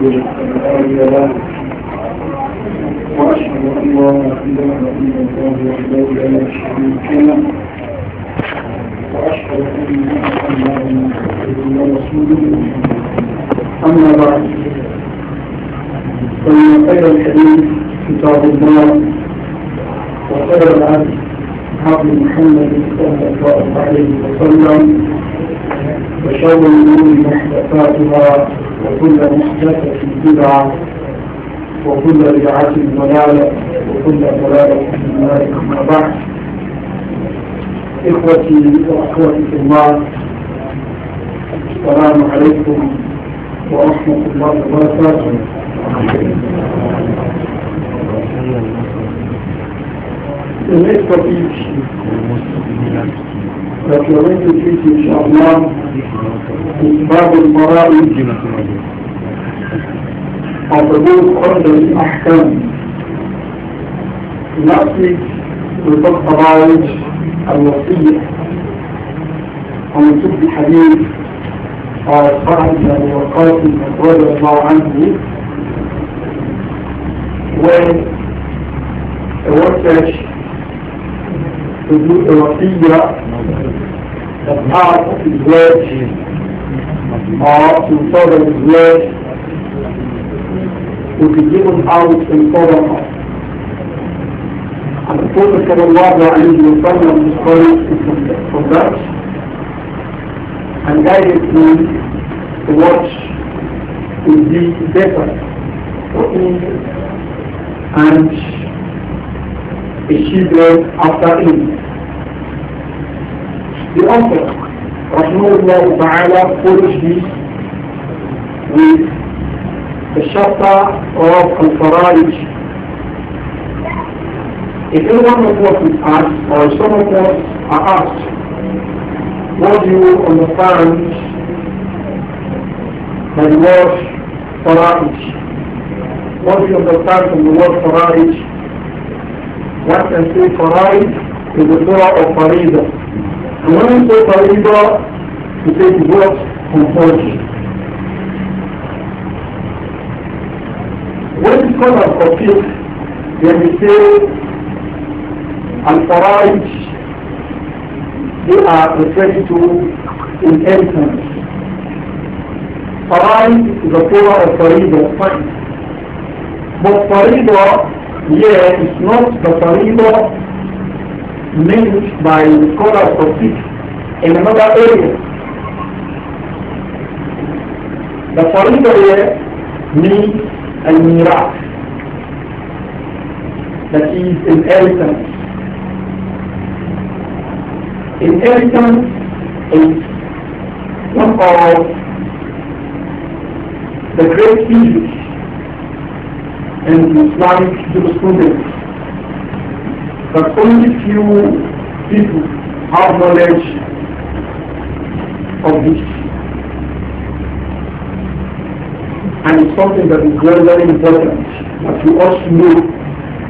وأشهد أن لا إله إلا الله وحده لا شريك له وأشهد أن محمدا عبده ورسوله أما بعد فإن خير الحديث كتاب الله وخير العبد عبد محمد صلى الله عليه وسلم وشر محدثاتها وكل محدثة بدعة وكل بدعة ضلالة وكل ضلالة في النار أما بعد إخوتي وأخوتي في الله السلام عليكم ورحمة الله وبركاته الإخوة في فكرت فيك إن شاء الله باب المرائي وحدود قرد الأحكام نأتي بفق قضايج الوصية ومنسوب الحديث قال صاحب أبي وقاص رضي الله عنه ووسع to do a wasiyya that part of his word or to follow his word to be given out in Qur'an. And the Prophet sallallahu alayhi wa sallam discouraged from that and guided him to watch to be better for him and the children after him. The author, Rahimahullah Ta'ala, follows this with the chapter of Al-Faraj. If anyone of us is asked, or some of us are asked, what do you understand by the word Faraj? What do you understand from the word Faraj? what I say I is the surah of Farida. And when we say Farida, we take what? Compulsion. When it's called as Qafiq, then we say Al-Faraid, they are referred to inheritance. I is the power of Farida, fine. But Farida it's not the fariba meant by the scholars of it in another area. The fariba here means a that is inheritance. Inheritance is one of the great issues and Islamic students, But only few people have knowledge of this. And it's something that is very, very important that we also know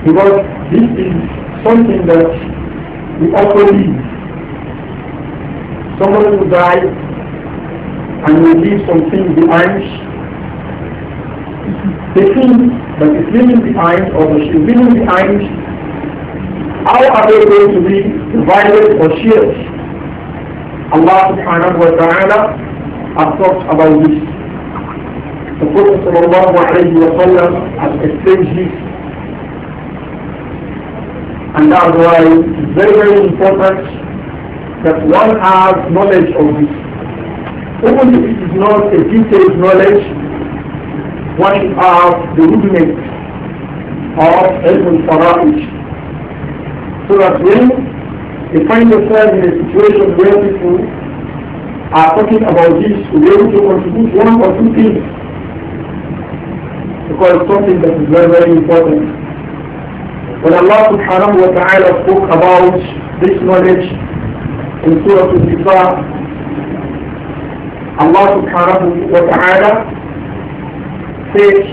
because this is something that we also need. Someone will die and will leave something behind. The thing that is leaving behind or that she's leaving behind, how are they going to be divided or shared? Allah subhanahu wa ta'ala has talked about this. The Prophet sallallahu alayhi wa sallam has explained this. And that's why it's very, very important that one has knowledge of this. Even if it is not a detailed knowledge, one of the rudiments of ilm So that when you find yourself in a situation where people are talking about this, to be able to contribute one or two things, because something that is very, very important. When Allah subhanahu wa ta'ala spoke about this knowledge in Surah Al-Isra, Allah subhanahu wa ta'ala says,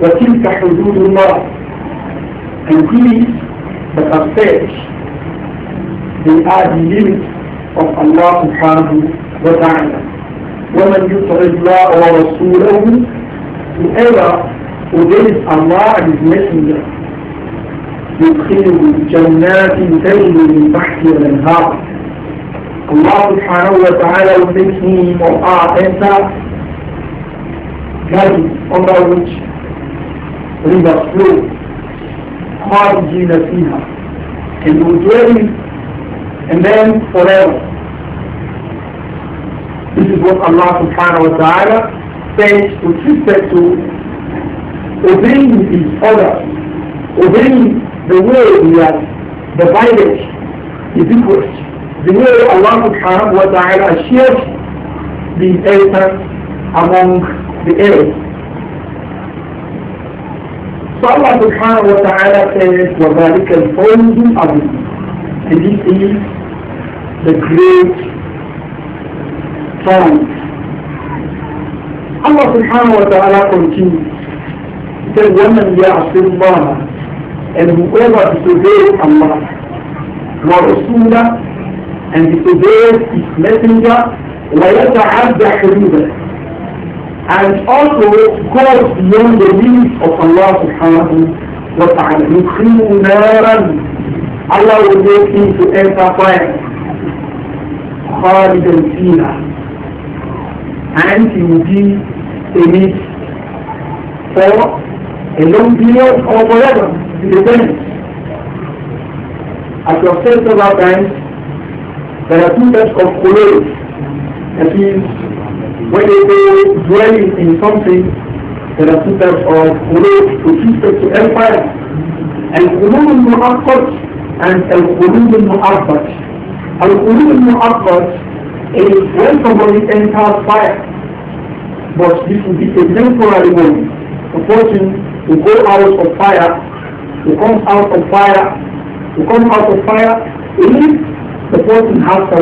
وَتِلْكَ حُدُودُ اللَّهِ And these that are said, they are the limits of Allah subhanahu wa ta'ala. وَمَنْ يُطْعِ اللَّهَ وَرَسُولَهُ Whoever obeys Allah and His Messenger, يدخله جنات تجري من تحتها الأنهار. Allah subhanahu wa will make him or our enter marriage under which rivers flow خارجين فيها and will dwell and then forever this is what Allah subhanahu wa ta'ala says with respect to obeying his order obeying the way we are divided is equal the way Allah subhanahu wa ta'ala shares the inheritance among بإيه subhanahu سبحانه وتعالى says وذلك الفوز العظيم and this is the great triumph Allah subhanahu wa ta'ala continues he says ومن يعصي الله and whoever disobeys Allah ورسوله and disobeys his messenger ويتعدى حدوده and also goes beyond the limits of Allah subhanahu wa ta'ala. Yukhimu naran. Allah will make him to enter fire. Khalidan fina. And he will be in it for a long period or forever. It depends. As you have said several times, there are two types of colors. That is when they go dwell in something, there are two types of qulub with respect to empire. Al-qulub al-mu'aqqat and al-qulub al-mu'aqqat. Al-qulub al-mu'aqqat is when somebody enters fire, but this will be a temporary one. A person who go out of fire, who come out of fire, who come out of fire, if the person has a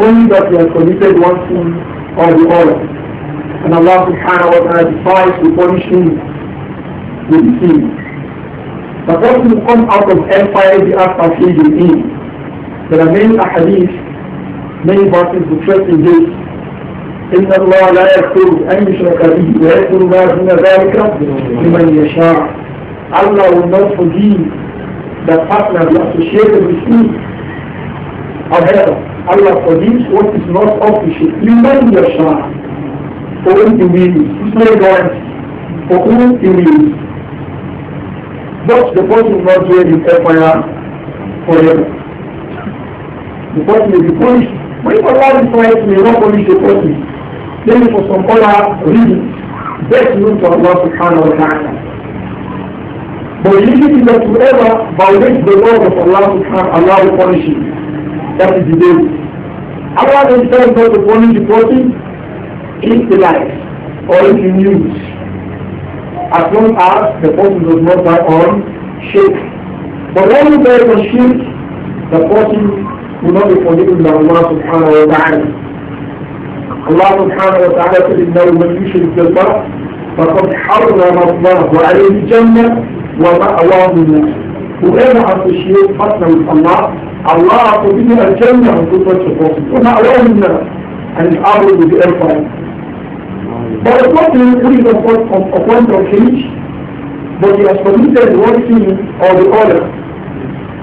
only that he has committed one thing. of the order. And Allah subhanahu wa ta'ala decides to punish him with sin. But what will come out of empire the act of hidden in? There are many ahadith, many verses to trace in this. إن الله لا يغفر أن يشرك به ويغفر ما دون ذلك لمن يشاء. Allah will not forgive the partner we associated with him. However, Allah forgives what is not of the shirk. Liman For whom he wills. It's no God. For whom he wills. But the person will not dwell in hellfire forever. The person may be punished. But if Allah decides to not punish the person, then for some other reason, that's known to Allah subhanahu wa ta'ala. But usually that whoever violates the laws of Allah subhanahu Allah will punish him. That is the day. Allah is telling God the one deporting is the life or is in use. As long as the person does not buy on shirk. But when you buy on shirk, the person will not be forgiven by Allah subhanahu wa ta'ala. Allah subhanahu wa ta'ala said, إِنَّهُ مَنْ يُشْرِكْ بِاللَّهِ فَقَدْ حَرَّمَ اللَّهُ عَلَيْهِ الْجَنَّةَ وَمَأْوَاهُ النَّارُ Whoever associates partner with Allah, Allah will give you a Jannah who such a person. We're not alone in that. And the other will be airfire. But it's not being of a point of cage, but he has committed one sin or the other.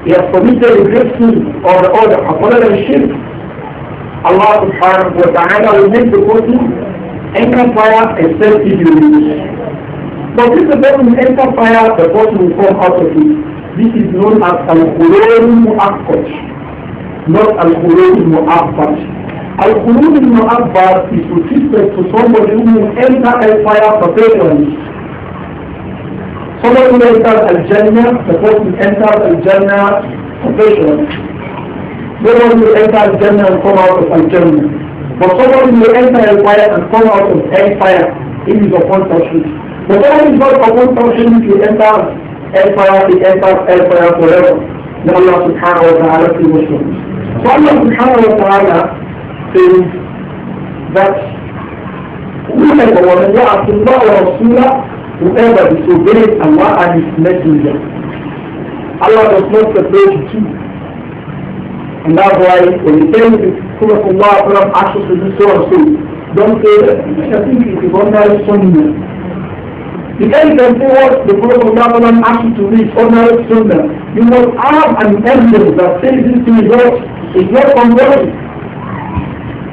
He has committed a great sin or the other, upon a shirk. Allah subhanahu wa ta'ala will make the person enter fire except if you lose. But if the person enter fire, the person will come out of it. This is known as al-khulul mu'akkad, not al-khulul mu'abbad. Al-khulul mu'abbad is restricted to somebody who will enter fire perpetually. Somebody who enters al-jannah, the person enters al-jannah perpetually. No one will enter al-jannah and come out of al-jannah. But someone will enter fire and come out of fire, It is upon touching. But someone is not upon touching, he enter. empire, the empire, empire forever. May Allah subhanahu wa ta'ala be Muslim. So Allah subhanahu wa ta'ala says that whoever was Allah wa Rasulah, whoever disobeys Allah and His Messenger, Allah does not separate the two. And that's why when you tell the Surah Allah, Surah Ashur, Surah Rasul, don't say that, I think it's a wonderful sunnah. The can't what the Prophet of Muhammad asked you to read, ordinary sunnah. You must have an evidence that says this thing is not, is not compulsory.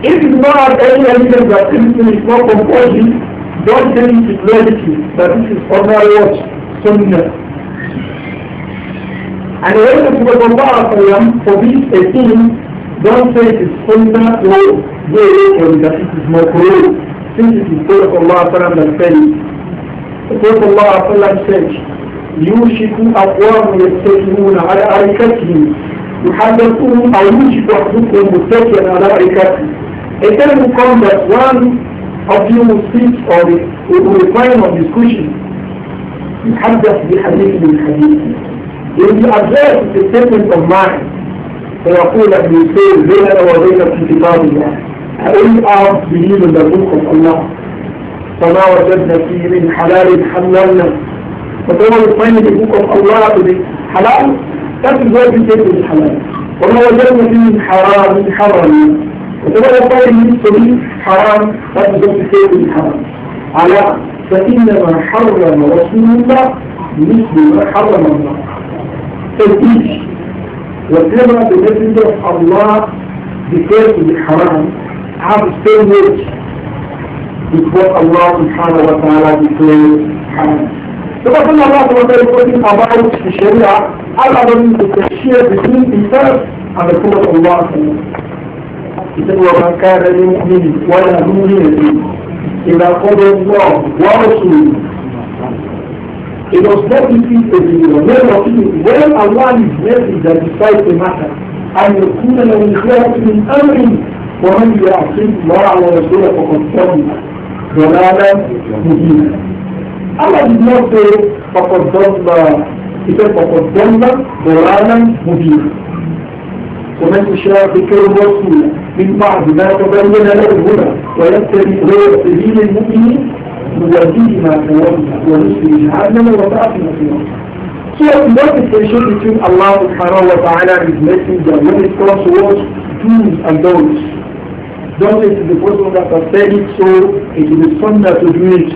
If you do not have any evidence that says this thing is not compulsory, don't say it is logical, that this is ordinary what? Sunnah. And when the Prophet of Muhammad forbids a thing, don't say it is sunnah or way or that it is not correct. Since it is Prophet of Allah that says يقول الله عز وجل says يوشك أقوام يستجمون على أركتهم يحدثون أو يوشك أحدكم متكئا على أركته It then will that one of you will speak or will refrain on discussion يتحدث بحديث من حديث If you address the statement of mine فيقول ابن سيد بيننا Zayna في كتاب الله I only ask believe in the book of Allah فما وجدنا فيه من حلال حللنا فطبعا الطيب يقول الله بذي حلال لكن الواجب من حلال وما وجدنا فيه من حرام حرمنا وطبعا الطيب يقول حرام لكن الواجب من حرام على فإنما حرم رسول الله مثل ما حرم الله فالإيش وكما بنفذ الله بكافي الحرام عبد الثاني is what Allah subhanahu wa ta'ala declares haram. Because when Allah subhanahu wa ta'ala is talking about the Sharia, Allah doesn't differentiate between himself and the Prophet of Allah. He said, وَمَنْ كَانَ لِمُؤْمِنٍ وَلَا مُؤْمِنَةٍ إِذَا قَضَى اللَّهُ وَرَسُولُهُ It does not defeat the believer. When when Allah is mercy that decides the matter, أن يكون له الخيرة من أمره ومن يعصي الله ورسوله فقد ضل ضلالا مبينا Allah did not say فقد ضل he said فقد ضل ضلالا مبينا ومن يشاقق الرسول من بعد ما تبين له الهدى ويتبع غير سبيل المؤمنين نوليه ما تولى ونصلي جهنم وساءت مصيره So what is the relationship between Allah subhanahu wa ta'ala and His Messenger when it comes to those do's and those? done it the person that has said it, so it is a sunnah to do it.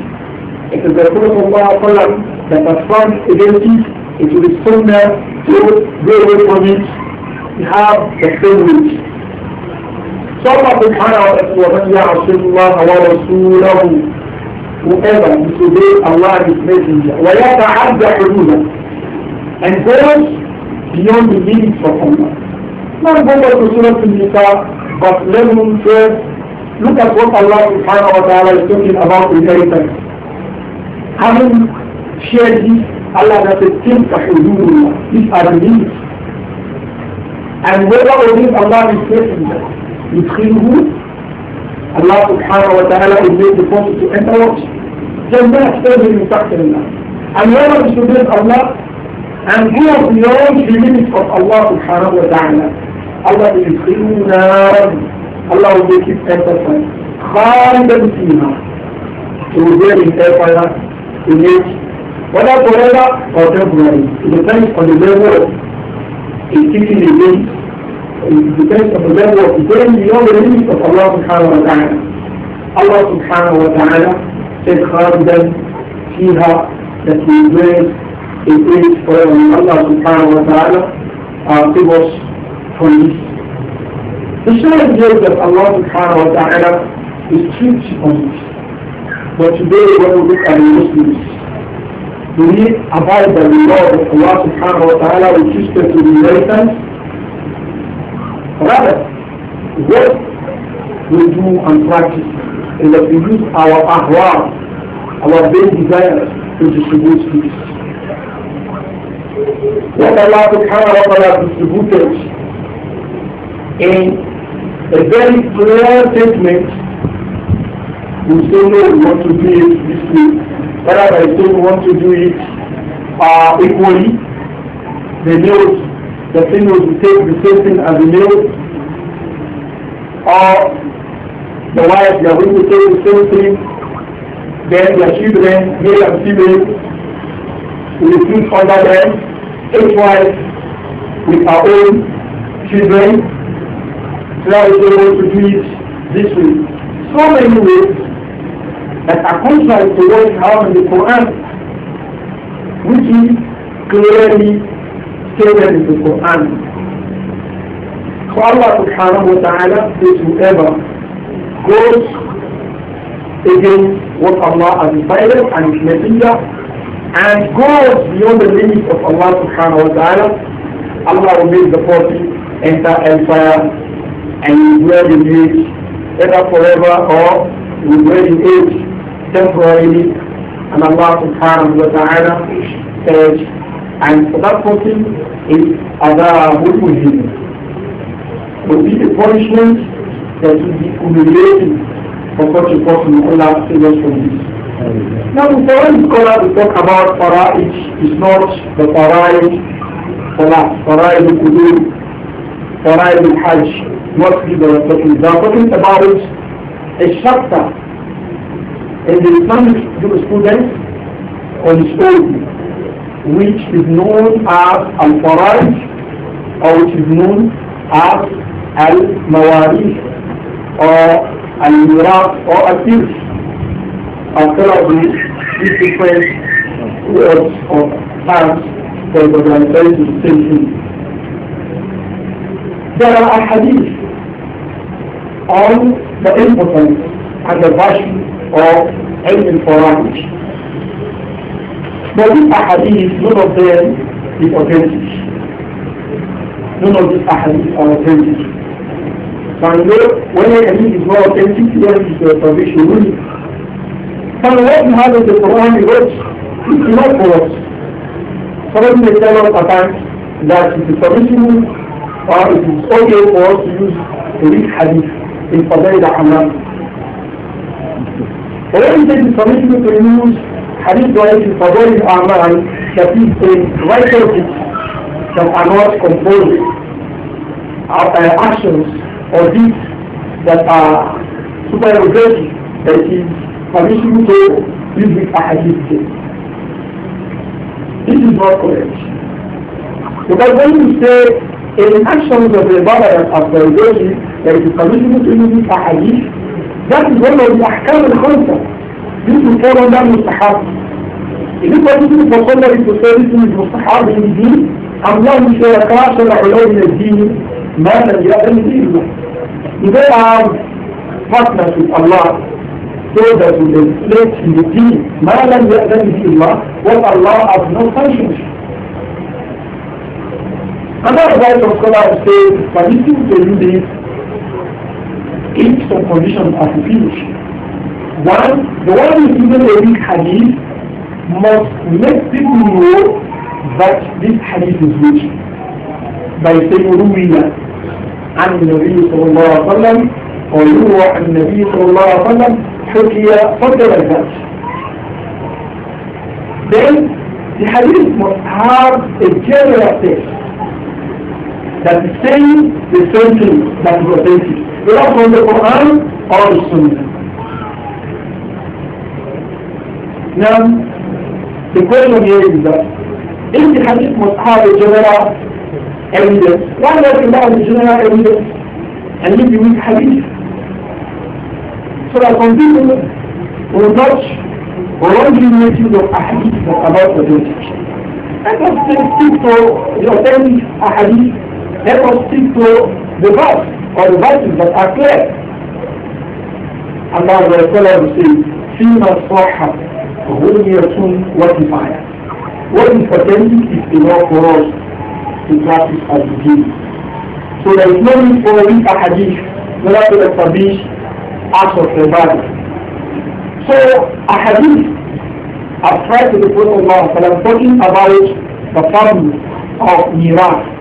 It is the Prophet of Allah that has found against it, it is a sunnah to go away from it. We have the same with of So Allah have wa ta'ala Rasulullah wa Rasulahu whoever disobeys Allah and His Messenger وَيَتَعَدَّ حُدُودًا and goes beyond the limits of Allah. Now go back to Surah Al-Nisa but let me say, look at what Allah subhanahu wa ta'ala is talking about repentance. Having shared this, Allah has said, تِلْكَ حُدُودُ These are the limits. And whether or not Allah is taking them, يدخله Allah subhanahu wa ta'ala is made the person to enter what? Jannah stays in Allah. And when we disobey Allah and go beyond the limits of Allah subhanahu wa ta'ala, Allah will bring them, Allah will make it emphasize. Khaldan fiha. To there in empire, in it, whether forever or temporary, it depends on the level of it's taking the way. It depends on the level of going beyond the limits of Allah subhanahu wa ta'ala. Allah subhanahu wa ta'ala said Khaldan fiha that he will in it forever. Allah subhanahu wa ta'ala uh, give us Please, The share gift that Allah subhanahu wa ta'ala is strict on it. But today when we look at the Muslims, we abide by the law of Allah subhanahu wa ta'ala with respect to the inheritance. Rather, what we do and practice is that we use our ahwa, our vain desires to distribute things. What Allah subhanahu wa ta'ala distributed in a very clear statement, we say no, we want to do it this way. Whether I say we want to do it uh, equally, the males, the females will take the same thing as the males, or the wives, they are going to take the same thing, then their children, male and female, will put under them, each wife with her own children, able to do it this way. So many ways that are contrary to what we have in the Quran, which is clearly stated in the Quran. So Allah subhanahu wa ta'ala says whoever goes against what Allah has decided and His Messenger and goes beyond the limits of Allah subhanahu wa ta'ala, Allah will make the party enter empire and you wear the age, either forever or you wear the age temporarily. And Allah subhanahu wa ta'ala says, and for that person is adabul muhim. Will be the punishment that will be humiliating for such a person. Allah save us from this. Now the foreign scholar to talk about fara'id is not the fara'id salah, fara'id kudur, Faraid al-Hajj, not people are talking. They are a chapter in the Islamic jurisprudence on stoning, which is known as al faraj or which is known as al-Mawarif, or al-Miraf, or al-Tirsh. After all these, these different words or terms for the organization there are hadith on the importance and the value of ilm for language. But these hadith none of them is authentic. None of these hadith are authentic. And when a hadith is not authentic, then it's a salvation rule. And what we have in the Quran is not for us. Somebody may tell us at times that it is permissible or it is okay for us to use this hadith in Fadail al-Amram. But when it is permissible to use hadith like in Fadail al-Amram Hamam is a writer that are not composed of uh, actions or deeds that are supererogatory that it is permissible to use with a hadith. This is not correct. Because when you say in actions of the rebellion of the ideology that is permissible to you these ahadith, that is one of the ahkam al-khamsa. This for fall that mustahab. If it was possible for somebody to say this is mustahab in deen? أم لهم شركاء شرعوا من الدين ما لم يأذن به If they have partners with Allah, so that we will explain to the deen ما لم يأذن به الله, what Allah has no sanctions. And that's why some scholars say, if you do this if some conditions are fulfilled. One, the one who is using a weak hadith must let people know that this hadith is weak by saying ruwiya عن النبي صلى الله عليه وسلم ويروى عن النبي صلى الله عليه وسلم حكي فضل الناس. Then the hadith must have a general text that is saying the same thing that is authentic, whether from the Quran or the Sunnah. Now, the question here is that if the hadith must have a general evidence, why not rely on the general evidence and leave the weak hadith? So that some people will not wrongly make use of a hadith about authentic. And just stick to the authentic hadith let us stick to the verse or the verses that are clear. Allah will tell us to say, فِيمَا صَحَّ غُنْيَةٌ وَكِفَايَةٌ What is authentic is enough for us to practice as we do. So there is no need for a weak hadith in order to establish as of rebellion. So a hadith ascribed to the Prophet Allah talking about the family of Mirah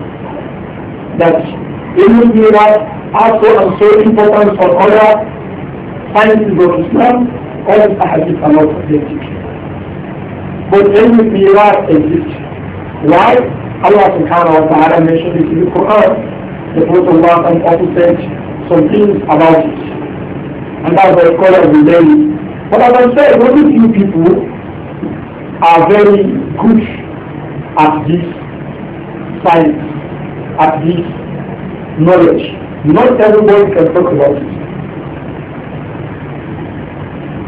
that it even be are also of so important for other sciences of Islam, all these ahadith are not authentic. But be Iraq exists. Why? Allah subhanahu wa ta'ala mentioned it in the Quran. The Prophet Allah also said some things about it. And that's why scholars will say But as I said, only few people are very good at this science at this knowledge. Not everybody can talk about it.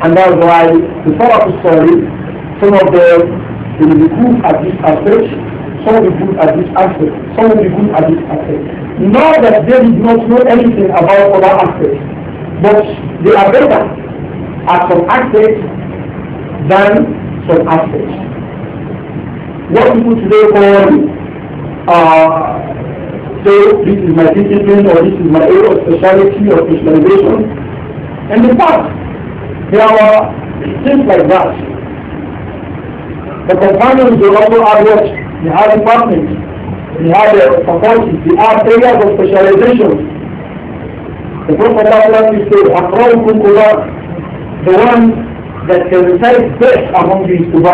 And that's why the Salaf story, some of them will be good at this aspect, some will be good at this aspect, some will be good at this aspect. Not that they did not know anything about other aspects, but they are better at some aspects than some aspects. What people today call uh, so this is my discipline or this is my area of speciality or specialization. And the fact, there are things like that. The companions will also have what? They have departments, they have their faculties, they have areas of specialization. The Prophet Allah said, أقرأكم قرآن The one that can recite best among these is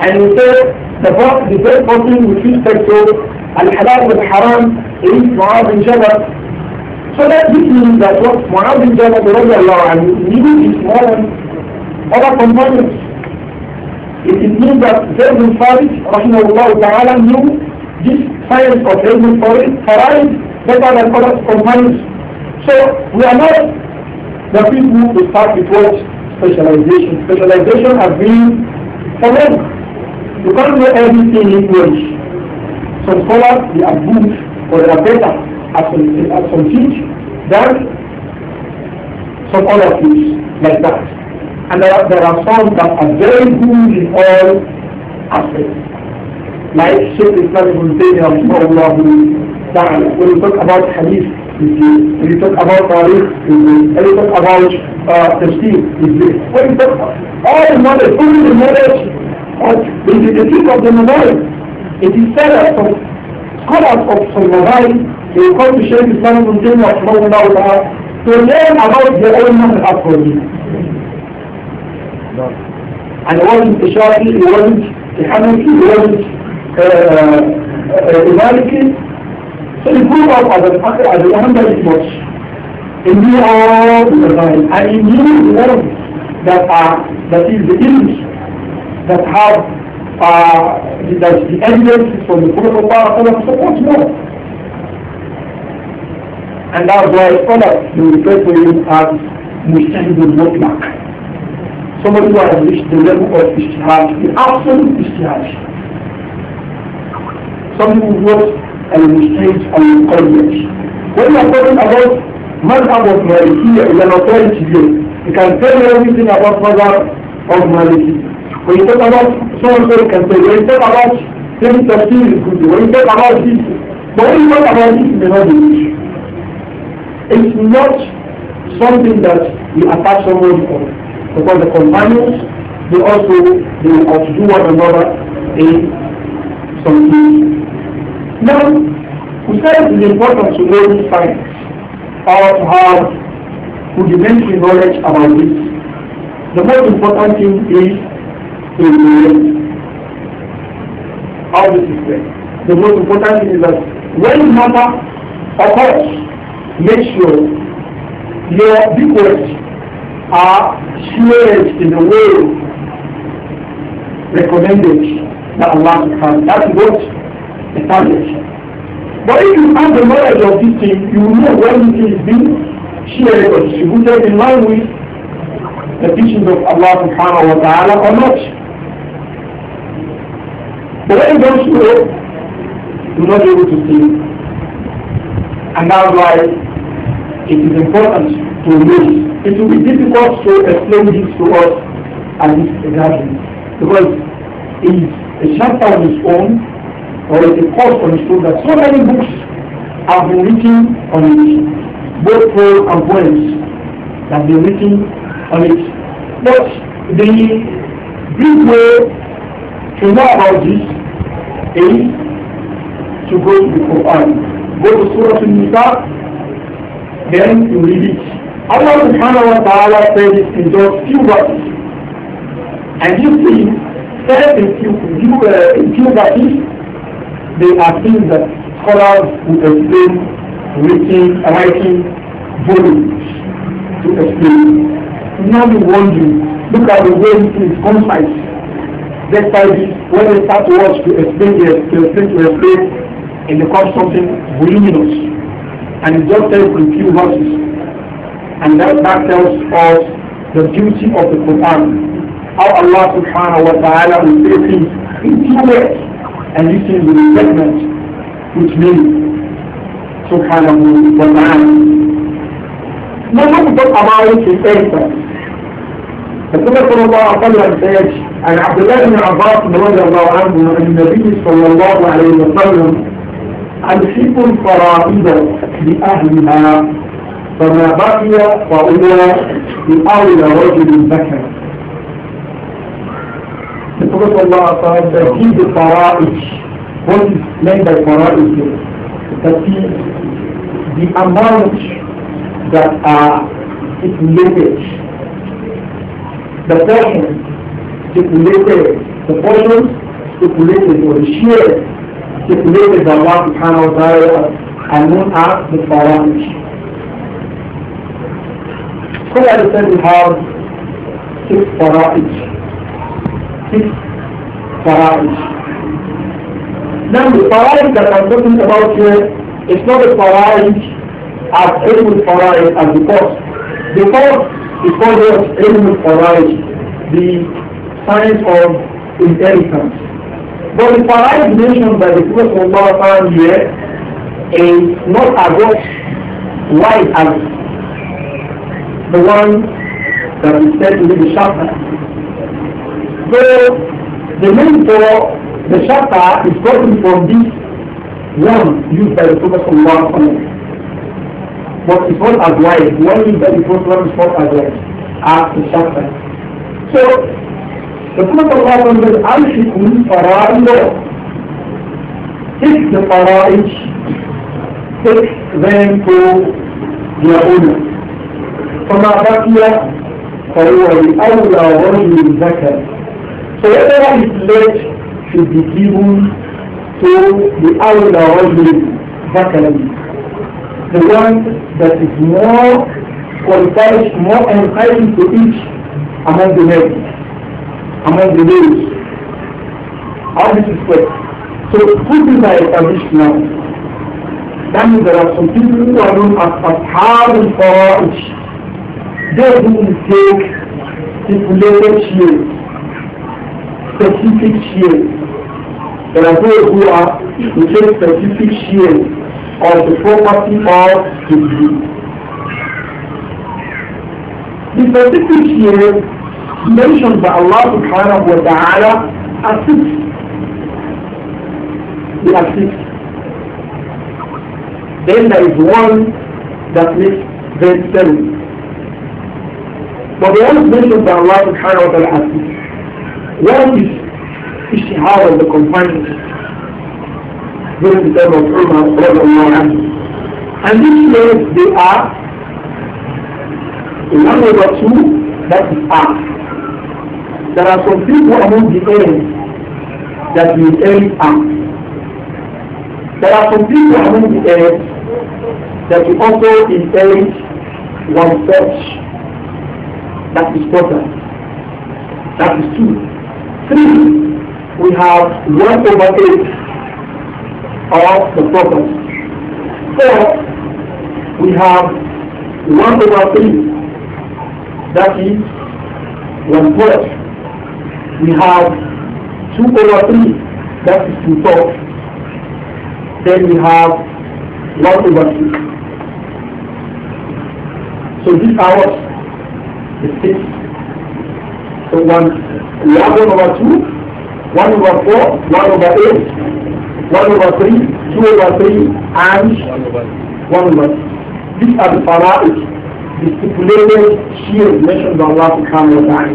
And he said, the, the best person is that to الحلال والحرام in Mu'adh bin Jabal. So that this means that what Mu'adh bin Jabal needed is more than other companions. It means that Zayd bin Farid, rahimahullah ta'ala, knew this science of Zayd bin Farid, Farid better than other companions. So we are not the people who start with what? Specialization. Specialization has been for long. You can't know everything in English. some scholars they are good or they are better at some, at some things than some other things like that. And there are, there are some that are very good in all aspects. Like Shaykh Islam ibn Taymiyyah ta'ala, when you talk about hadith, is When you talk about tariq, is When you talk about uh, is When you talk all the knowledge, only the knowledge, of, the, the, the of the knowledge, it is said that some scholars of Sumawai, they come to share Shaykh Islam ibn Taymiyyah to learn about their own method of Qur'an. And it wasn't the Shafi, it wasn't the Hanafi, it wasn't uh, uh, uh, uh the Maliki. So he grew up as an as a Hanbali much. He knew all the Qur'an and in knew the words that are, that is the image that have uh, the, the evidence from the Prophet of so much more. And that's why scholars refer to him as Mujtahidul mark. Somebody who has reached the level of Ishtihad, the absolute Ishtihad. Somebody who was a and on Qadiyat. When you are talking about Madhab of here, you are not trying to do it. You can tell me everything about Madhab of Malikiya. When you talk about so-and-so, you can about maybe Tafsir is good, about this, but about this, It's not something that you attach someone on. Because the companions, they also, they outdo one another in some things. Now, we said it is important to know this science or to have rudimentary knowledge about this. The most important thing is in the how this is done. The most important thing is that when matter occurs, make sure your requests are shared in the way recommended by Allah subhanahu wa That is what the foundation. But if you have the knowledge of this thing, you will know when it is being shared or distributed in line with the teachings of Allah subhanahu wa ta'ala or not. But when you don't show, you're not able to see. And that's why it is important to lose. It will be difficult to explain this to us at this gathering because it is a chapter on its own or it's a course on its own that so many books have been written on it, both pros and cons that have been written on it. But the Greek word to know about this is eh? to go to the Quran. Go to Surah Al-Nisa, then you read it. Allah subhanahu wa ta'ala said it in just few words. And you see, said in few, few, uh, in few verses, they are things that scholars who explain written, writing volumes to explain. Now we warn you, look at the way it is concise. Despite this, when they start to watch to explain, to explain, in the course becomes something voluminous. And it just tells in few verses. And that, that tells us the duty of the Quran. How Allah subhanahu wa ta'ala will say things in two words. And this is with segment which means subhanahu wa ta'ala. Now let me talk about it in فكما صلى الله عليه وسلم سيجي عن عبد الله بن عباس رضي الله عنه عن النبي صلى الله عليه وسلم ألحق الفرائض لأهلها فما بقي فأولى لأولى رجل ذكر فكما صلى الله عليه وسلم تأكيد الفرائض what is meant by فرائض here the amount that are stipulated the portion stipulated, the portion stipulated or the share stipulated by Allah subhanahu wa ta'ala are known as the Faranj. So I said we have six Faraj. Six Faraj. Now the faraj that I'm talking about here is not a faraj as Ibn Faraj as the cost, The first before of was ilm the science of inheritance. But the faraj mentioned by the Prophet Sallallahu here is not as wide as the one that is said to be the Shaka. the name for the Shaka is gotten from this one used by the Prophet Allah but it's not as wide. When you get the first one, it's not as wide as the shotgun. So, the Prophet of Allah says, Al-Shikun Fara'ilo. Take the Fara'ij, take them to their our فما بقي فهو لأولى رجل ذكر. So whatever is left should be given to the أولى رجل ذكر the one that is more qualified, more entitled to each among the men, among the ladies. All this is correct. So who things are established now. That means there are some people who are known as Ashab al They do take stipulated shields, specific shields. There are those who are who take specific shields of the property of the Jew. The specific here mentioned by Allah subhanahu wa ta'ala are six. They are six. Then there is one that makes them seven. But the one mentioned by Allah subhanahu wa ta'ala are six. One is Ishihar of the companions this is of Umar And this means they are one over two, that is R. There are some people among the Arabs that will end up. There are some people among the Arabs that will also inherit one such. That is quarter. That is two. Three, we have one over eight of the problem, So, we have 1 over 3, that is plus. We have 2 over 3, that is 2 thirds. Then we have 1 over 2. So these are what? The six. So one, 1 over 2, 1 over 4, 1 over 8, 1 over 3, 2 over 3, and 1 over 3. These are the fara'id, the stipulated shield mentioned by Allah subhanahu wa ta'ala.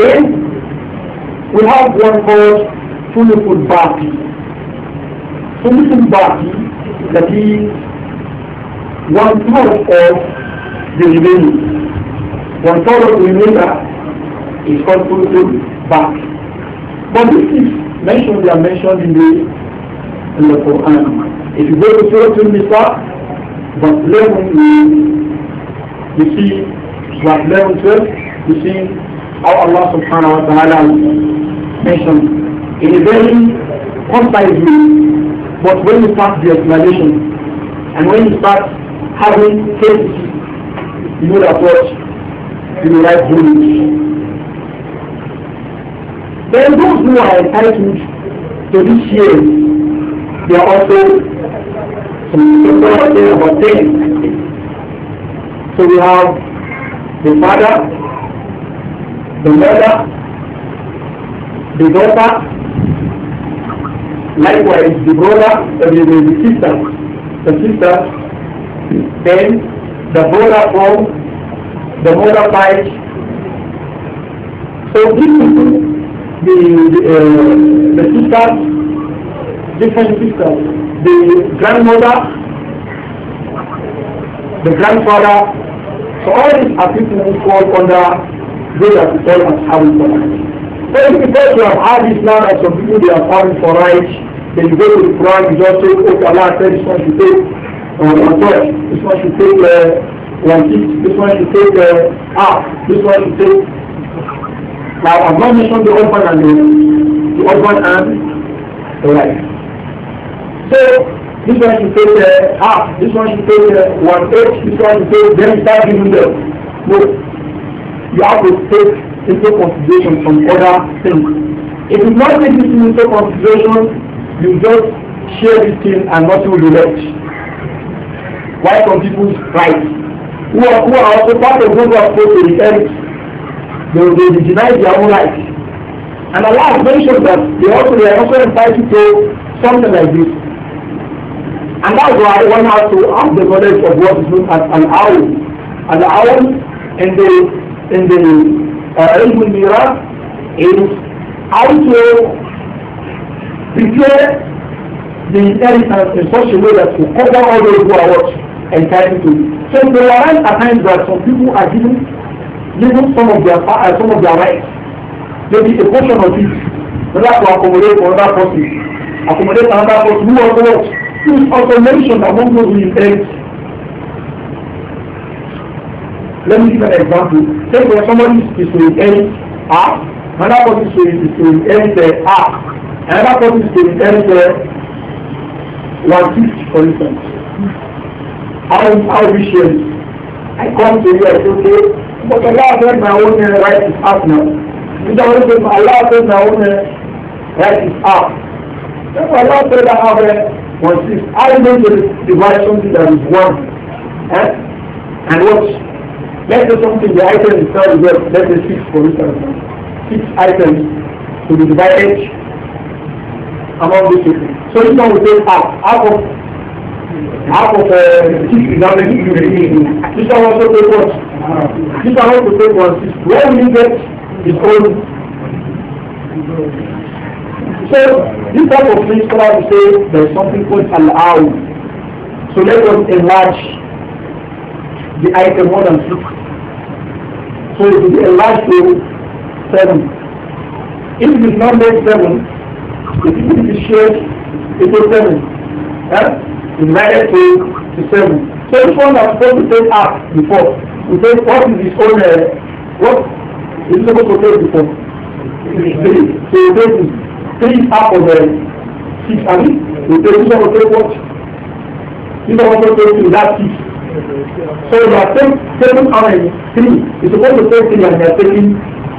Then, we have one called Sulukul Baqi. Sulukul Baqi, that is one third of the remaining. One third of the remainder is called Sulukul Baqi. But this is mentioned, they are mentioned in the, in the Quran. If you go to Surah Al-Nisa, verse 11, you see, verse 11, 12, you see how Allah subhanahu wa ta'ala mentioned in a very concise way. But when you start the explanation, and when you start having cases, you know that what you will write then those who are entitled to this share, they are also supported or obtained. So we have the father, the mother, the daughter, likewise the brother, the, the, the sister, the sister, then the brother from the mother side. So these the uh, the sisters, different sisters, the grandmother, the grandfather. So all these are people who fall under those that we call as having for right. So it's because you have had this now that some people they are having for right, then you go to the Quran, you just say, okay, Allah said this one should take um, one third, this one should take uh, one fifth, this one should take uh, half, this one should take Now, I'm not mentioning open and the, the husband and the wife. So, this one should pay the half, this one should pay the one eighth, this one should pay, then start giving them. No, you have to take into consideration some other things. If you not take this into consideration, you just share this thing and nothing will be left. Why some people's rights? Who are, who are also part of those who are supposed to inherit They will be denied their own rights. And Allah has mentioned that they also they are also entitled to something like this. And that's why one has to have the knowledge of what is known as an owl. An owl in the in the uh, Ilmul is how to prepare the inheritance in such a way that to cover all those who are what entitled to it. So there are at times that some people are given leaving some of their uh, some of their rights, maybe a portion of it, whether to accommodate for another person, accommodate another person who also what is also mentioned among those who inherit. Let me give an example. Say for somebody is to inherit R, another person is to inherit uh, R, another person is to inherit uh, one fifth, for instance. How how we share I come to you, I say, okay, But Allah said my own uh, right is up now. Which I said, Allah said my own uh, right is up. Then Allah said I have one uh, six. I am to divide something that is one. Eh? And what? Let's say something, the item itself is well, let's say six for instance. Six items to be divided among these people. So each one will take half. Ah, half of half of uh, six is now making you the This one also take what? If I want to take one six, where will he his own? So this type of thing to say there's something called al-aw. So let us enlarge the item more than six. So it will be enlarged to seven. If it is not made seven, it will be shared into seven. Eh? Divided to, to seven. So this one has supposed to take up before. He says, what is his own, uh, what is he supposed to take before? Three. So he takes three up on the six, I mean, he takes, he's supposed to take what? He's supposed to take two, that's six. So they are taking seven how Three. He's supposed to take three and they are taking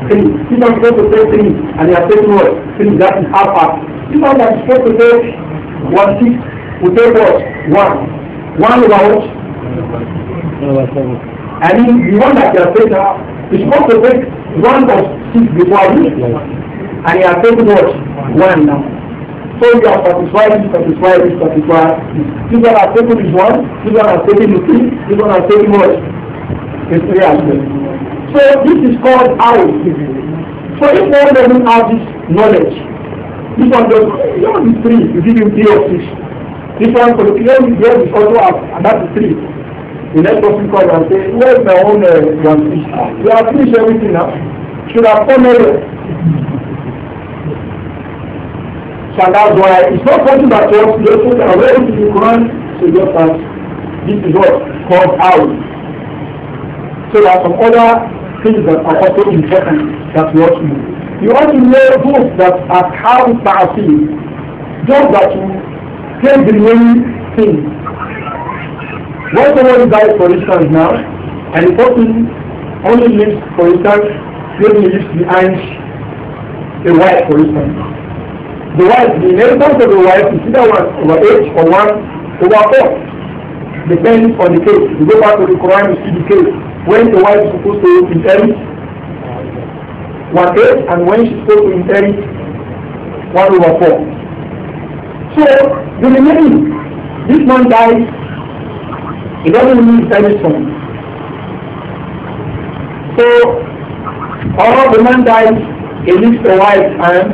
three. He's not supposed to take three and they are taking what? Three, that is half half. He's not supposed to take one six, we take what? One. One about. what? One seven. I mean, the one that you are taking now, you supposed to take one of six before you, And you are taking what? One now. So you are satisfied, you satisfied, you satisfied. This one has taken this one, this one has taken the three, this one has taken what? The three as well. So this is called arrow. So if one doesn't have this knowledge, this one does, you know, three, you give him three or six. This one, for the clear, he also has, and that's the three. The next person called and said, where is my own uh, ramsey? You have finished everything now. Should have come earlier. So that's why it's not something that you have to do look at where is the Quran to just ask. This is what called out. So there are some other things that are also important that we ought to know. You ought to know those that are how to Just that you take the main things When one died for instance, now, and the person only leaves, for instance, maybe leaves behind a wife, for instance. The wife, the inheritance of the wife is either one over eight or one over four, depending on the case. You go back to the Quran, you see the case when the wife is supposed to inherit one eight and when she's supposed to inherit one over four. So the remaining, this man dies he doesn't need any song. So, all the man dies, he leaves the wife and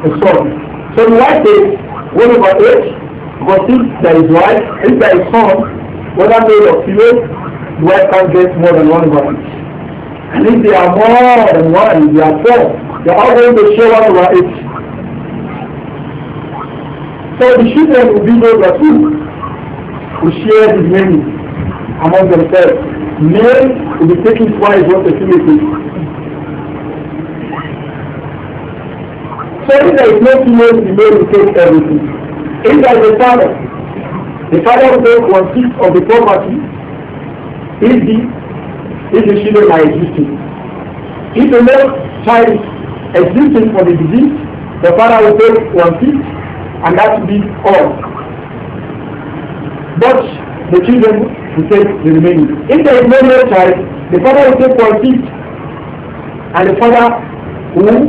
the son. So the wife is, what about it? Because if there is wife, if there is son, whether male or female, the wife can't get more than one wife. And if they are more than one, they are four, they are all going to share one over it. So the children will be those that who share the many among themselves. Men will be taking twice what the female takes. So if there is no female, the male will take everything. If there is a father, the father will take one sixth of the property if the, if the children are existing. If the male child is existing for the disease, the father will take one sixth and that will be all. But the children to take the remaining. If there is no male child, the father will take one fifth, and the father will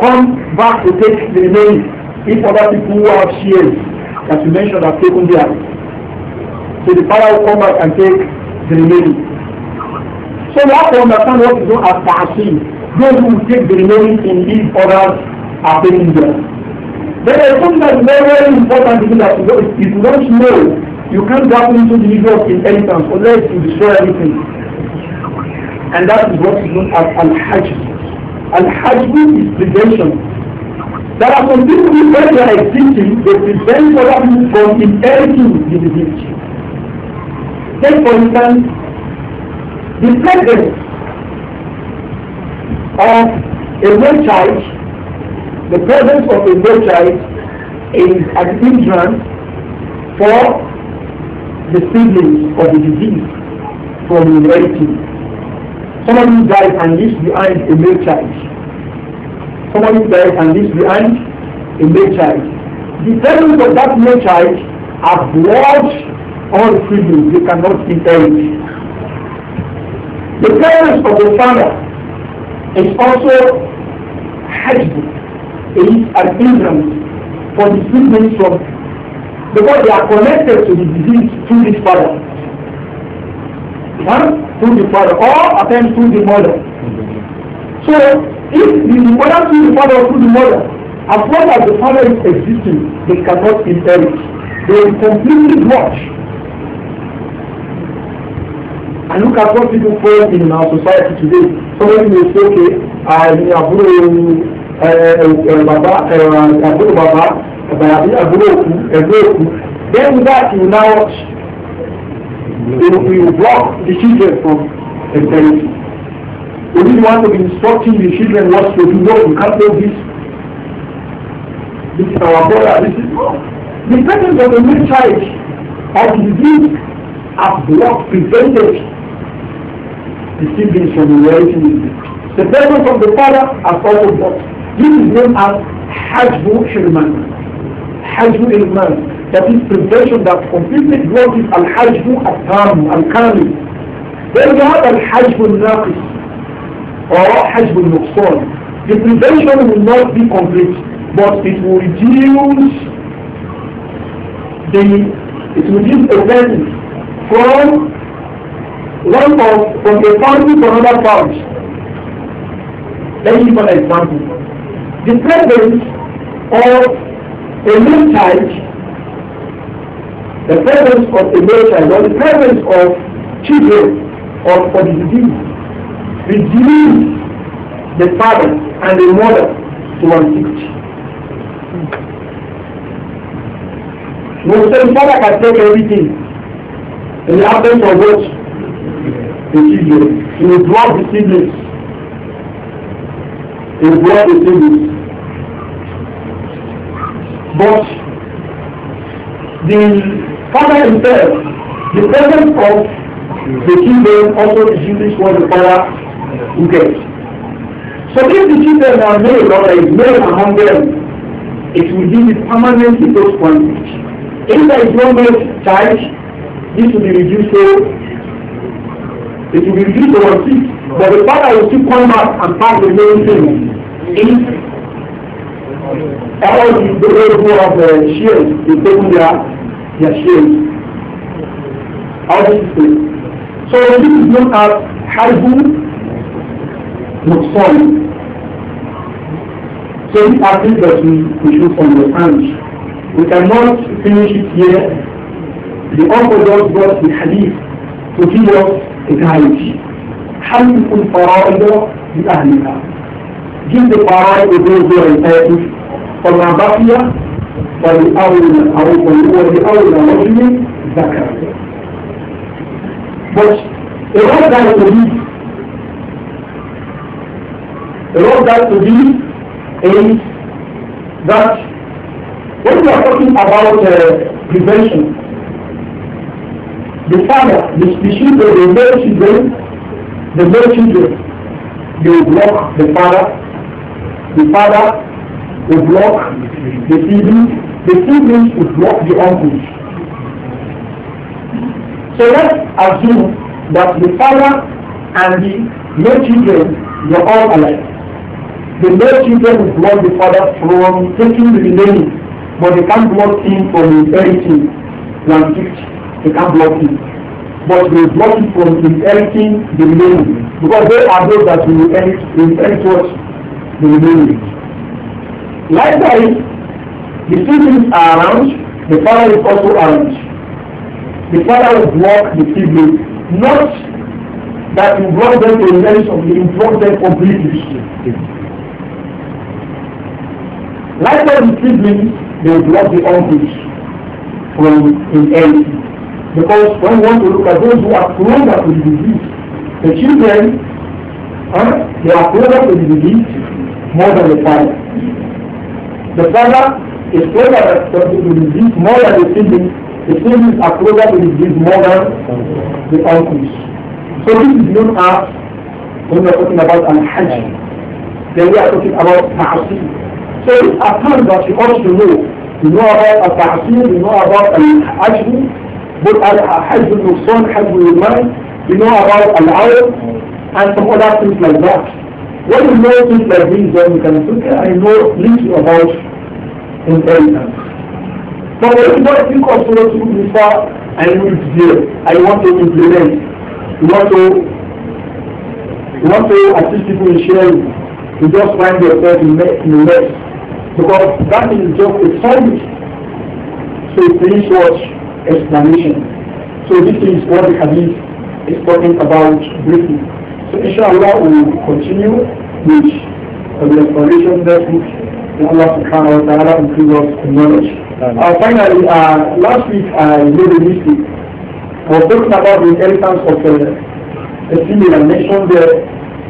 come back to take the remaining if other people who have shares that you mentioned have taken theirs. So the father will come back and take the remaining. So we have to understand what is known as ta'asim. Those who will take the remaining in these others are paying theirs. There is something that is very, very important to me that you don't know You can't dabble into the issue of inheritance unless you destroy everything. And that is what is known as Al-Hajj. Al-Hajj is prevention. There are some people who are existing, they prevent other people from inheriting the disease. Take for instance, the presence of a male child, the presence of a male child is an hindrance for the siblings of the disease from inheritance. Somebody who dies and leaves behind a male child. Somebody who dies and leaves behind a male child. The parents of that male child have lost all freedom. They cannot inherit. The parents of the father is also hajj. It is an hindrance for the siblings from because they are connected to the disease through this father. Huh? Through the father or attend through the mother. So if the mother through the father or through the mother, as long as the father is existing, they cannot inherit. They will completely watch. And look at what people fall in our society today. Somebody will say, okay, I, am uh, uh, Baba, eh, Baba, àgbàyàbí àbúrò òkú ẹgbẹ́ òkú then that you now watch will block the children from entering. We if not want to be instructing the children what to do no you can't do this this is our brother this is wrong the parents of the new child of the disease have blocked prevented the siblings from inheriting the parents of the father have also blocked this is known as hajbu shirman hajju ilman. That is prevention that completely block is al-hajju al-tam, al-kami. Then you have al-hajju al or hajju al The prevention will not be complete, but it will reduce the, it will reduce the burden from one of, from a family to another family. Let me give an example. The presence of in this child, the presence of a male child or the presence of children or for the disease reduce the father and the mother to one sixth. No same father can take everything in the absence of what? The children. He will block the siblings. He will block the siblings. But the father himself, the presence of the children also reduces what the father will So if the children are made, or there is made among them, it will be permanently postponed. If there is no male child, this will be reduced to it will be reduced to one fifth. But the father will still come back and pass the main thing. If all the people of the uh, shields, they taking their, their shields. it. So this is known as Harbu Nuxon. So this are things that we, we should understand. We cannot finish it here. The Orthodox brought the Hadith to give us a guide. حلف الفرائض بأهلها. Give the فرائض to those who are entitled فما بقي فلأولى أو فلأولى رجل ذكر But a lot that to be a that to be is that when we are talking about uh, prevention, the father, the, the children, the male children, the male children, they block the father, the father would block the siblings, the siblings will block the uncles. So let's assume that the father and the male children were all alive. The male children will block the father from taking the remaining, but they can't block him from inheriting one fifth. They can't block him. But they block him from inheriting the remaining because they are those that will inherit, inherit what? The remaining. Likewise, the two are around, the father is also around. The father will block the children, not that you brought them to the marriage of the block completely. Likewise, the sibling, they will block the uncles from in end. Because when we want to look at those who are closer to the disease, the children, huh, they are closer to the disease more than the father. The father is closer to the disease more than the siblings. The siblings are closer to the disease more than the uncles. So this is known as when we are talking about an hajj. Then we are talking about ta'asir. So these are terms that you ought to know. You know about a ta'asir, you know about an hajj, but a hajj al son, hajj al iman you know about al-awr, and some other things like that. What is more things like these that we can look at? I know little about inheritance. But when you don't think of Surah to Nisa and you it's there, I want to implement. You want to you want to assist people in sharing. You just find yourself in the mess. Because that is just a service. So please watch explanation. So this is what the hadith is talking about briefly. So inshallah we will continue with the exploration that May Allah subhanahu wa ta'ala increase us in knowledge. Uh, finally, uh, last week I made a mistake. I was talking about the inheritance of uh, a similar nation there.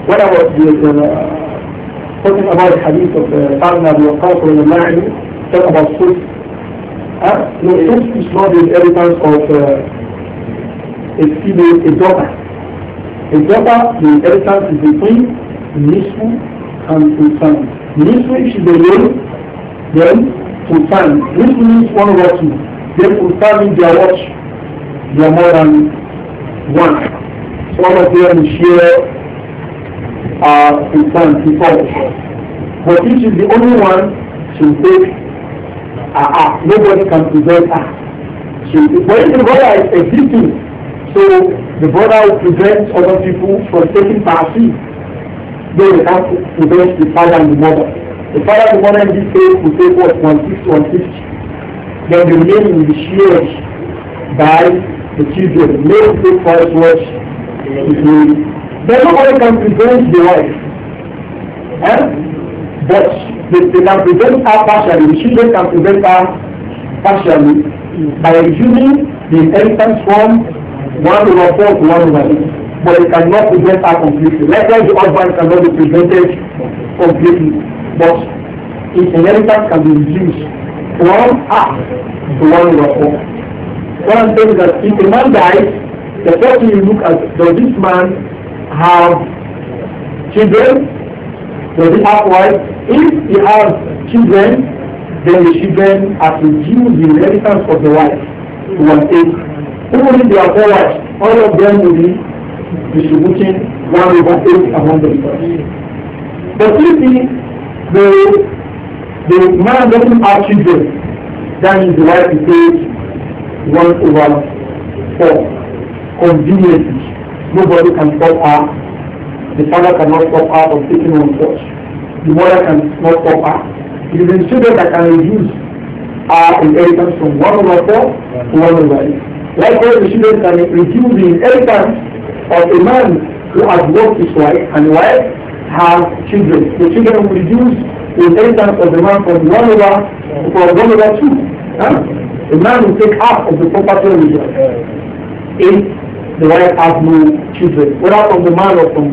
When I was uh, talking about the hadith of the uh, Sa'd Abu Waqqas and Ma'in, talking about food. Uh, no, food is not the inheritance of uh, a female, a daughter. example, the distance is between nisfu and sultan. Nisfu is the low, then sultan. Nisfu means one over two. Then sultan means their watch. They are more than one. So all of them share uh, sultan before. But this is the only one to take ah ah. Nobody can prevent ah. So when the brother is existing, so The brother will prevent other people from taking part party. They have to prevent the father and the mother. The father and the mother in this case will take what? One fifty, one fifty. Then the remaining will be shared by the children. Make the first watch Then nobody can prevent the wife. Eh? But they, they can prevent her partially. The children can prevent her partially by resuming the inheritance from one over four to one over eight but it cannot prevent her completely likewise the husband cannot be prevented completely but his inheritance can be reduced from half to one over four what i'm saying is that if a man dies the first thing you look at does this man have children does he have wife if he has children then the children are to reduced the inheritance of the wife to one eighth Even they are all of them will be distributing one over eight among themselves. But if the, the, the man doesn't have children, then his wife will take one over four. Conveniently, nobody can stop her. The father cannot stop her from taking on such. The mother cannot stop her. It is the children that can reduce our inheritance from one over four to one over eight. Likewise, the children can reduce the inheritance of a man who has worked his wife and wife have children. The children will reduce the inheritance of the man from one over from one over two. Huh? The man will take half of the property of if the wife has no children, whether from the man or from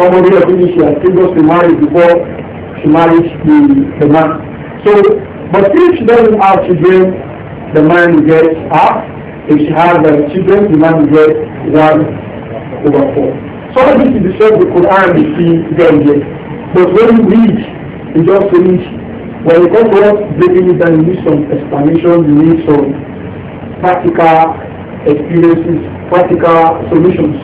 somebody of whom she has previously married before she marries the, the man. So, but if she doesn't have children, the man gets half if she has children, the man will get 1 over 4. So of this is the same the Quran we see there yet. But when you read, you just finish. When you come to us breaking it down, you need some explanation, you need some practical experiences, practical solutions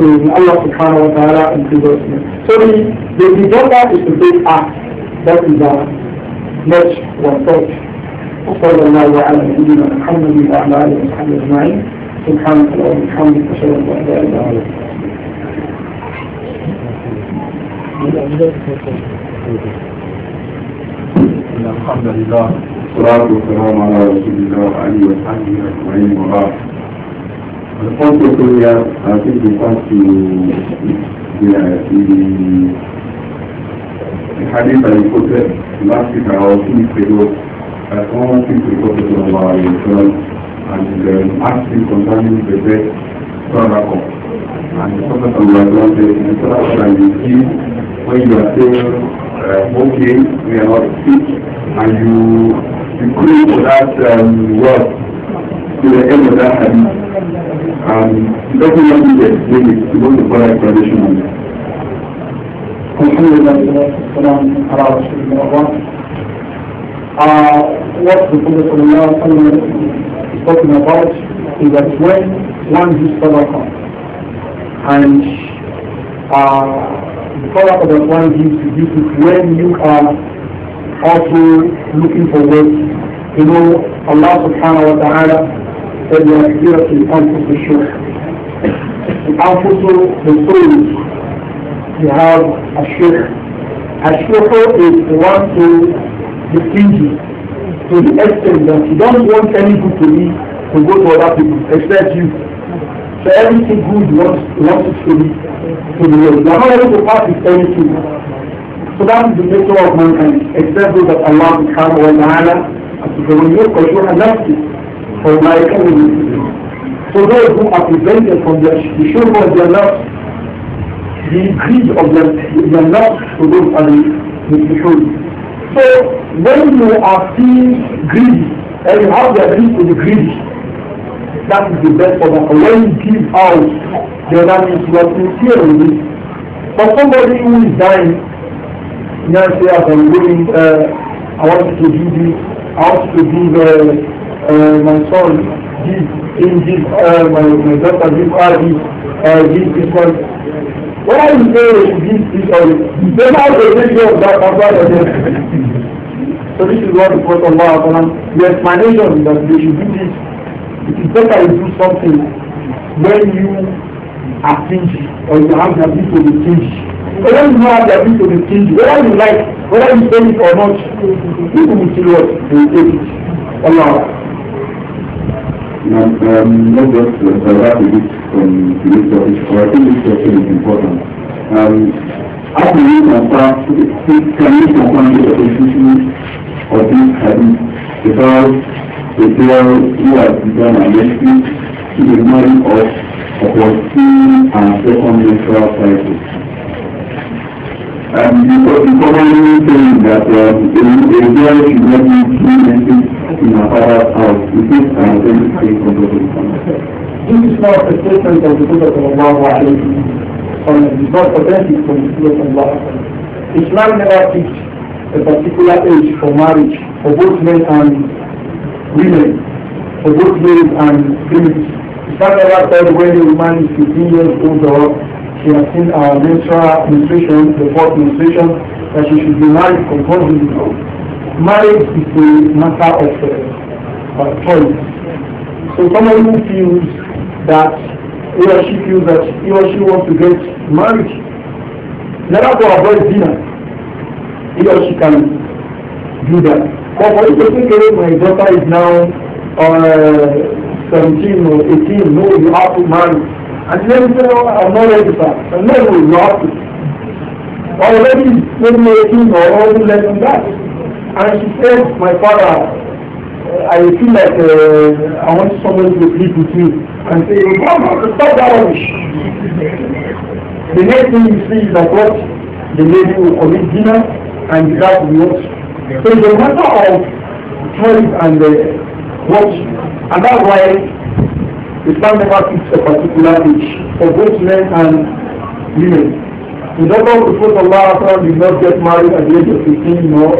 to Allah subhanahu wa ta'ala and to us. So the, the, the daughter is to take act. That is our not one thought. وصلى الله على نبينا محمد وعلى اله وصحبه اجمعين سبحانك اللهم وبحمدك اشهد ان لا اله الا انت الحمد لله والصلاة والسلام على رسول الله وعلى وصحبه أجمعين وبعد. The first question here, I think refers to the, the, the hadith I quoted last that all things the to of our Islam and um, asked concerning the best protocol. And the Prophet of Allah said, the protocol that you when you are still uh, okay, we are not sick, and you you for that um, word to the end of that hadith. And it doesn't want to explain it, you want to follow on that. الحمد لله والصلاة والسلام على رسول uh, what the Prophet is talking about is that when one gives sadaqah and uh, the sadaqah that one gives to give is when you are also looking for work. You know, Allah subhanahu wa ta'ala said, "You يَكْبِرَةِ الْأَنْفُسُ الشُّرْحِ الأنفس the Also, the souls, you have a shirk. A shirk is the one who deceive you to the extent that you don't want any good to be to go to other people except you. So everything good wants, wants it to be to be yours. You are not able to pass with anything. So that is the nature of mankind, except those that Allah subhanahu wa ta'ala to given you because you have left it for my economy. So those who are prevented from their, the show of their love, the increase of their, their love to those are the, the So when you are feeling greedy and you have the ability to be greedy, that is the best for them. When you give out, then that is what you fear with it. For somebody who is dying, now say as I'm going, uh, I want to give this, I want to give uh, uh, my son this, in this, uh, my, my daughter give uh, this, uh, this, this one. What are you saying? This, this, or this. Then how they take care of that, that, that, that. So this is what the Prophet the explanation that you should do this. It is better you do something when you are finished or you have the ability to be stingy. So when you have the ability to be stingy, whether you like, whether you say it or not, people will still what they take it. Allah. And um, not just uh, that a from today's topic, but I think this question is important. Um, how do you confirm, can you confirm the uh, of this hadith because they tell who has begun a mercy to the marrying of opportune and second menstrual cycle. And because the commonly saying that um, a, a girl should not be three menses in a father's house, is an authentic statement of the This is not a statement of the Prophet of Allah It is not authentic from the Prophet of Allah. Islam never teaches a particular age for marriage for both men and women, for both males and females. It's not ever said when a woman is 15 years old or she has seen a menstrual menstruation, the fourth menstruation, that she should be married compulsively. Marriage is a matter of uh, choice. So someone who feels that he or she feels that he or she wants to get married, let her go avoid dinner. he or she can do that. But for if you my daughter is now uh, 17 or 18, no, you have to marry. And then you say, oh, I'm not ready for that. And then you have to. Already, maybe 18 or already less than that. And she said, my father, I feel like uh, I want someone to sleep with me and say, oh, no, no, stop that rubbish. the next thing you see is that what the lady will commit dinner and that will not. So it's a matter of choice and uh, watch, and that's why Islam never picks a particular age for both men and women. The number of the Prophet Allah did not get married at the age of 15 or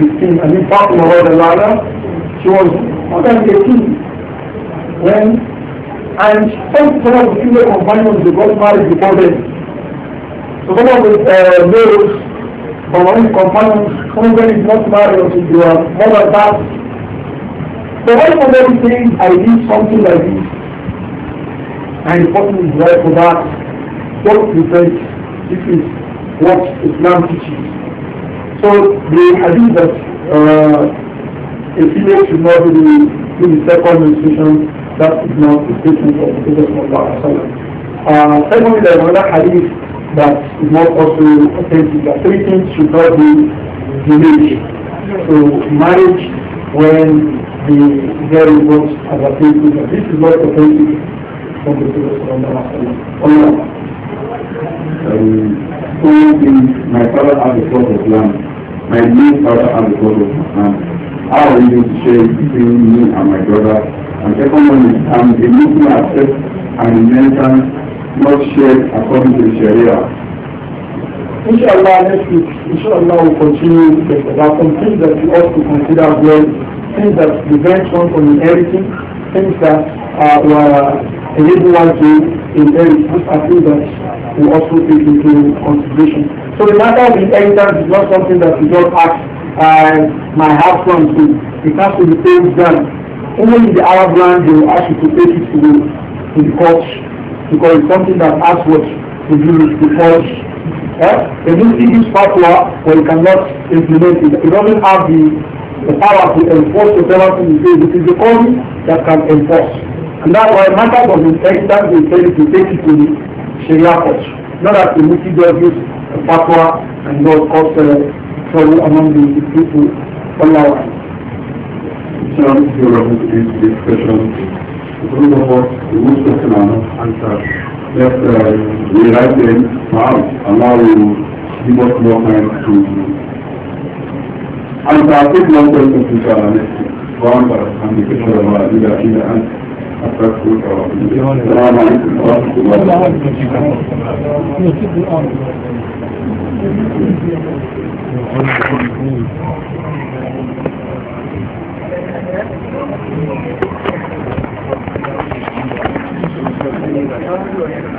16. I mean, the Radhalala, she was more than 18 when, and some sort of female companions, they got married before them. So some of the uh, males but when you compare somebody is not married until you are more than that. So when somebody says, I did something like this, and the person is right for that, don't repent. This is what Islam teaches. So the hadith that uh, a female should not be in the second menstruation, that is not the statement of the Prophet. Muhammad Uh, secondly, there is another hadith that is not also authentic. Three should not be diminished So marriage when the very works are authentic, and this is not authentic from the Prophet. Um, so my father has a plot of land. My late father has a plot of land. How are you to share between me and my brother? And second um, one is I'm a Muslim accept an inheritance not shared according to Sharia. Inshallah, next week, inshallah, we'll continue. There are some things that we ought to consider as well, things that prevent one from inheriting, things that uh, were enable one to inherit. These are things that we also take into consideration. So the matter of inheritance is not something that we just ask uh, my house from to. It has to be paid Only in the Arab land they will ask you to take it to, to the court because it's something that has what to do because the false. is It is fatwa where you cannot implement it. It doesn't have the, the power to enforce whatever thing it is. It is the only that can enforce. And that's why matters of intention, will tell to take it to the Sharia court. Not that the Mufti does use fatwa and not cause uh, trouble among the, the people. Allah. So, you represent this discussion Rüberhof, Mustafa, Ankara, that uh, we write them out, allow give us more time to answer. I think one question to the next one, but I'm the question of our leader, leader, and أستغفرك السلام عليكم ورحمة الله وبركاته lò yẹn